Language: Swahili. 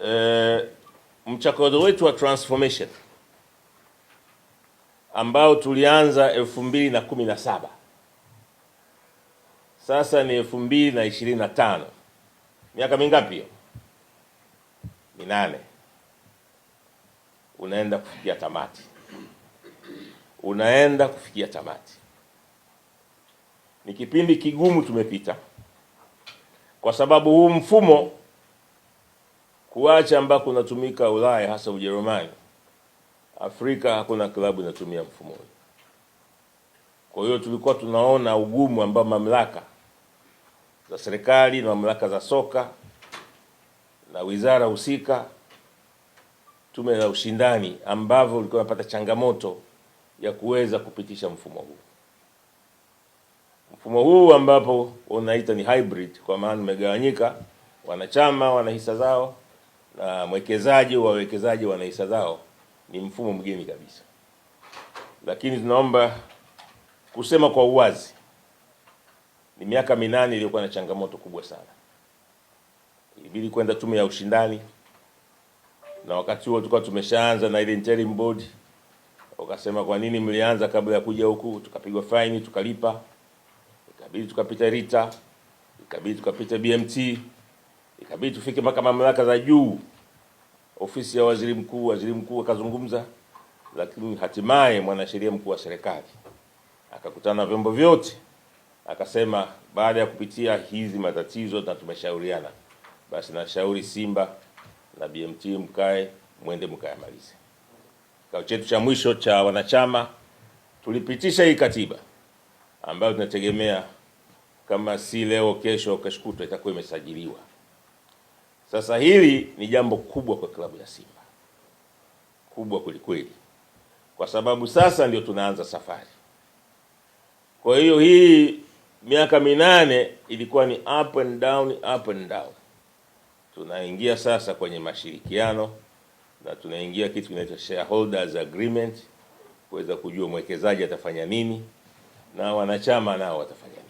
Eh, mchakato wetu wa transformation ambao tulianza elfu mbili na kumi na saba sasa ni elfu mbili na ishirini na tano miaka mingapi hiyo? Minane. Unaenda kufikia tamati, unaenda kufikia tamati. Ni kipindi kigumu tumepita, kwa sababu huu mfumo kuacha ambako unatumika Ulaya, hasa Ujerumani. Afrika hakuna klabu inatumia mfumo huu. Kwa hiyo tulikuwa tunaona ugumu ambao mamlaka za serikali na mamlaka za soka na wizara husika, tume la ushindani, ambavyo ulikuwa unapata changamoto ya kuweza kupitisha mfumo huu mfumo huu ambapo unaita ni hybrid, kwa maana umegawanyika, wanachama wana hisa zao na mwekezaji wa wawekezaji wana hisa zao ni mfumo mgeni kabisa, lakini tunaomba kusema kwa uwazi, ni miaka minane iliyokuwa na changamoto kubwa sana, ilibidi kwenda tume ya ushindani, na wakati huo tulikuwa tumeshaanza na ile interim board, wakasema kwa nini mlianza kabla ya kuja huku? Tukapigwa faini, tukalipa, ikabidi tukapita RITA, ikabidi tukapita BMT, ikabidi tufike mpaka mamlaka za juu ofisi ya waziri mkuu, waziri mkuu akazungumza, lakini hatimaye mwanasheria mkuu wa serikali akakutana na vyombo vyote, akasema baada ya kupitia hizi matatizo na tumeshauriana, basi nashauri Simba na BMT mkae mwende mkayamalize. Kikao chetu cha mwisho cha wanachama tulipitisha hii katiba ambayo tunategemea kama si leo, kesho, kesho kutwa itakuwa imesajiliwa. Sasa hili ni jambo kubwa kwa klabu ya Simba, kubwa kwelikweli, kwa sababu sasa ndio tunaanza safari. Kwa hiyo hii miaka minane ilikuwa ni up and down, up and down. Tunaingia sasa kwenye mashirikiano na tunaingia kitu kinaitwa shareholders agreement kuweza kujua mwekezaji atafanya nini na wanachama nao watafanya